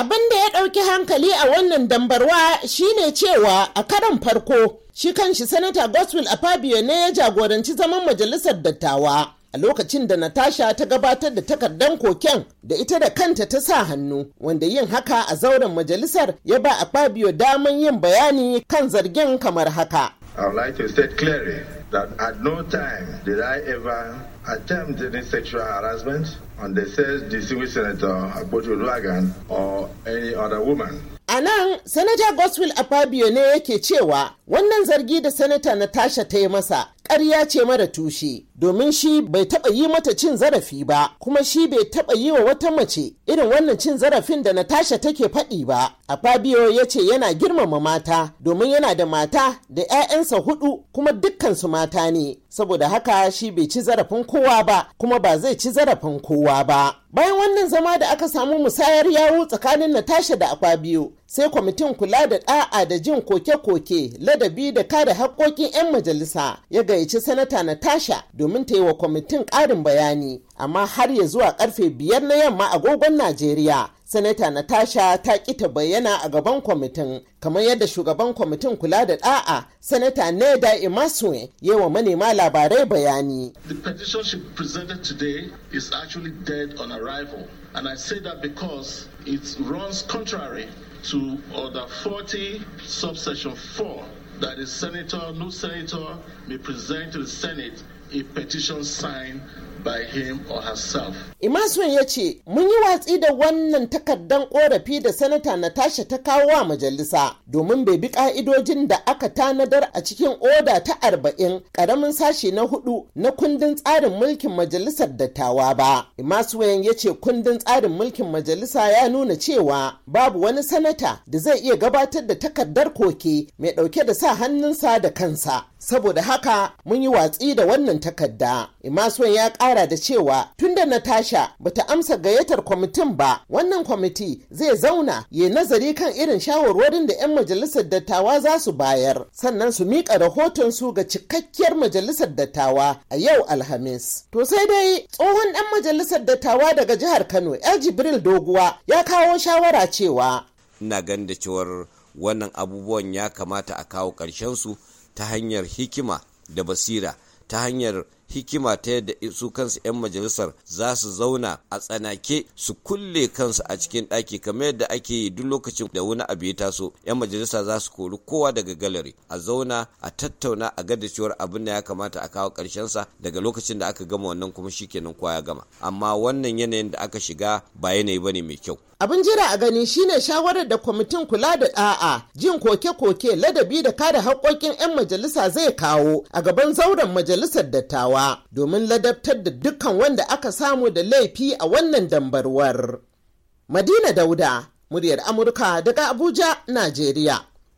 Abin da ya ɗauki hankali a wannan dambarwa shine cewa a karon farko shi kanshi Sanata a Afabio ne ya jagoranci zaman majalisar dattawa. a lokacin da Natasha ta gabatar da takardar koken da ita da kanta ta sa hannu wanda yin haka a zauren majalisar ya ba a Fabio daman yin bayani kan zargin kamar haka. I would like to state clearly that at no time did I ever attempt any sexual harassment on the said distinguished Senator Akpoju Oluwagan or any other woman. A nan, Sanaja Goswill Afabio ne yake cewa wannan zargi da Sanata Natasha ta yi masa ƙarya ce mara tushe domin shi bai taɓa yi mata cin zarafi ba kuma shi bai taɓa yi wa wata mace irin wannan cin zarafin da Natasha take faɗi ba. A Fabio ya ce yana girmama mata domin yana da mata da 'ya'yansa hudu kuma dukkansu mata ne. Saboda haka shi bai ci zarafin kowa ba kuma ba zai ci zarafin kowa ba. Bayan wannan zama da aka samu musayar yawo tsakanin Natasha da Akwabiyo, sai kwamitin kula da ɗa'a da jin koke-koke, ladabi da kare haƙƙoƙin 'yan majalisa ya gayyaci sanata Natasha domin ta yi wa kwamitin ƙarin bayani. amma har ya zuwa karfe biyar na yamma agogon najeriya sanata natasha ta ki ta bayyana a gaban kwamitin kamar yadda shugaban kwamitin kula da da'a sanata neda imasue yi wa manema labarai bayani the petition she presented today is actually dead on arrival and i say that because it runs contrary to order 40 subsection 4 that a senator no senator may present to the senate a petition signed by him or herself. Imasun ya ce, Mun yi watsi da wannan takardan korafi da Sanata na Natasha ta kawo wa majalisa domin bai bi ka'idojin da aka tanadar a cikin oda ta arba'in karamin sashe na hudu na kundin tsarin mulkin majalisar dattawa ba. Imasun ya ce kundin tsarin mulkin majalisa ya nuna cewa babu wani sanata da zai iya gabatar da takardar koke mai dauke da sa hannunsa da kansa. saboda haka mun yi watsi da wannan takarda imasuwan ya kara da cewa tunda natasha bata amsa gayyatar kwamitin ba wannan kwamiti zai zauna ya nazari kan irin shawarwarin da 'yan majalisar dattawa za su bayar sannan su miƙa rahoton su ga cikakkiyar majalisar dattawa a yau alhamis to sai dai tsohon 'yan majalisar dattawa daga jihar kano el jibril doguwa ya kawo shawara cewa ina ganin da cewar wannan abubuwan ya kamata a kawo su ta hanyar hikima da basira ta hanyar hikima ta yadda su kansu 'yan majalisar za su zauna a tsanake su kulle kansu a cikin ɗaki kamar yadda ake yi duk lokacin da wani abu ya taso 'yan majalisa za su kori kowa daga galeri a zauna a tattauna a gada cewar abin da ya kamata a kawo sa daga lokacin da aka gama wannan kuma shikenan kowa ya gama amma wannan yanayin da aka shiga ba yanayi bane mai kyau abin jira a gani shine shawarar da kwamitin kula da da'a jin koke-koke ladabi da kada haƙƙoƙin 'yan majalisa zai kawo a gaban zauren majalisar dattawa gaba domin ladabtar da dukkan wanda aka samu da laifi a wannan dambarwar. Madina Dauda, muryar Amurka daga Abuja, Najeriya.